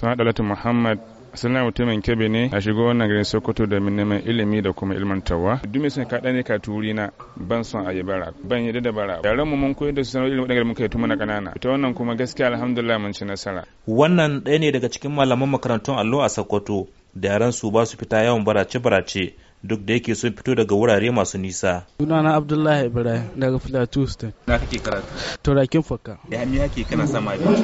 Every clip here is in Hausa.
suna dalatu muhammad asalin mutumin kebe ne a shigo wannan garin sokoto da neman ilimi da kuma ilmantarwa duk mai sun kaɗa ne ka turi na ban son a yi bara ban yi da bara yaran mu mun koyar da su sanar ilimin gari muka kai tun muna ƙanana ita wannan kuma gaskiya alhamdulillah mun ci nasara wannan ɗaya ne daga cikin malaman makarantun allo a sokoto da yaran su ba su fita yawan barace barace duk da yake sun fito daga wurare masu nisa. Sunana Abdullahi Ibrahim daga Plateau State. Na kake karatu? Turakin Fakka. Da me yake kana samun abinci?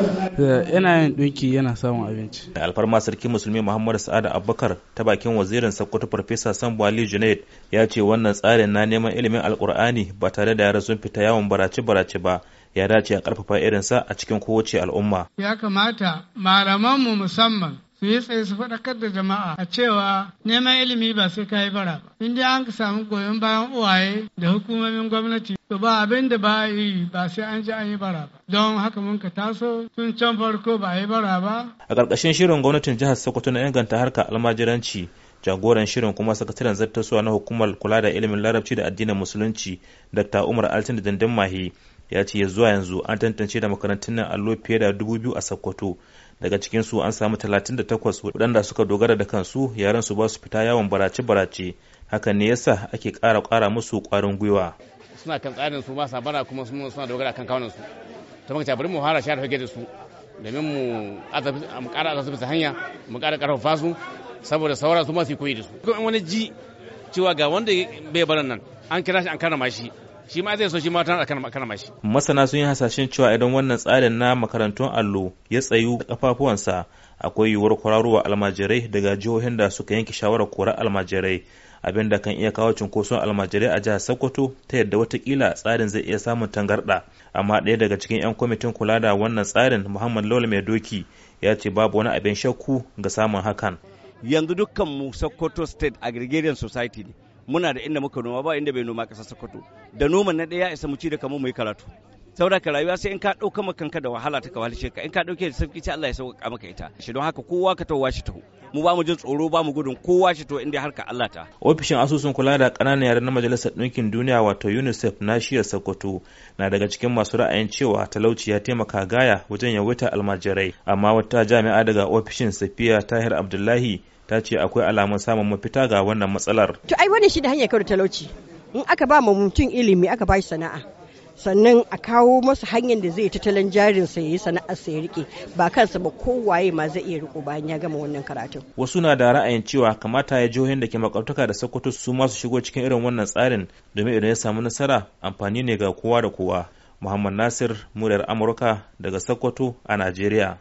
Yana eh, yin dunki yana samun abinci. Da alfarma sarki musulmi Muhammadu Sa'ad Abubakar ta bakin wazirin Sokoto Farfesa Sambu Ali Junaid ya ce wannan tsarin na neman ilimin Alkur'ani ba tare da yara sun fita yawon barace-barace ba. ya dace a karfafa irinsa a cikin kowace al'umma. Ya kamata malamanmu musamman su yi tsaye su faɗakar da jama'a a cewa neman ilimi ba sai ka yi bara ba. In dai an samu goyon bayan uwaye da hukumomin gwamnati to ba abin da ba yi ba sai an ji an yi bara ba. Don haka mun ka taso tun can farko ba a yi bara ba. A ƙarƙashin shirin gwamnatin jihar Sokoto na inganta harkar almajiranci jagoran shirin kuma sakataren zartaswa na hukumar kula da ilimin larabci da addinin musulunci dr umar altin da dandamahi ya ce zuwa yanzu an tantance da makarantun nan allo fiye da dubu biyu a sakkwato daga cikin su an samu da takwas waɗanda suka dogara da kansu yaran su ba su fita yawon barace-barace hakan ne yasa ake ƙara ƙara musu ƙwarin gwiwa suna kan tsarin su ba sa bara kuma suna dogara kan kawunan su ta maka bari mu fara share da su domin mu ƙara azabi ta hanya mu ƙara ƙarfafa su saboda saura su ma su koyi da su kuma wani ji cewa ga wanda bai baran nan an kira shi an karama shi shi ma zai so shi ma tana kana mashi masana sun yi hasashen cewa idan wannan tsarin na makarantun allo ya tsayu kafafuwansa akwai yiwuwar kwararowa almajirai daga jihohin da suka yanke shawarar korar almajirai abin da kan iya kawo cunkoson almajirai a jihar sokoto ta yadda watakila tsarin zai iya samun tangarda amma ɗaya daga cikin 'yan kwamitin kula da wannan tsarin muhammad lawal mai doki ya ce babu wani abin shakku ga samun hakan yanzu dukkan mu sokoto state aggregation society ne muna da inda muka noma ba inda bai noma ƙasar Sokoto da noman na ɗaya ya isa mu ci da kamar mu yi karatu saboda ka rayuwa sai in ka ɗauka maka kanka da wahala ta kawalce ka in ka ɗauke da sauki sai Allah ya sauƙaƙa maka ita shi don haka kowa ka tawo shi taho mu ba mu jin tsoro ba mu gudun kowa shi to inda harka Allah ta ofishin asusun kula da ƙananan yara na majalisar ɗinkin duniya wato UNICEF na shiyar Sokoto na daga cikin masu ra'ayin cewa talauci ya taimaka gaya wajen yawaita almajirai amma wata jami'a daga ofishin Safiya Tahir Abdullahi ta ce akwai alamun samun mafita ga wannan matsalar to ai wannan shi da hanyar da talauci in aka ba mu mutum ilimi aka ba shi sana'a sannan a kawo masa hanyar da zai tattalin jarin sa yi sana'ar sa ya rike ba kansa ba kowaye ma zai iya riko bayan ya gama wannan karatun wasu na da ra'ayin cewa kamata ya jihohin da ke makwabtaka da Sokoto su ma su shigo cikin irin wannan tsarin domin idan ya samu nasara amfani ne ga kowa da kowa Muhammad Nasir muryar Amurka daga Sokoto a Najeriya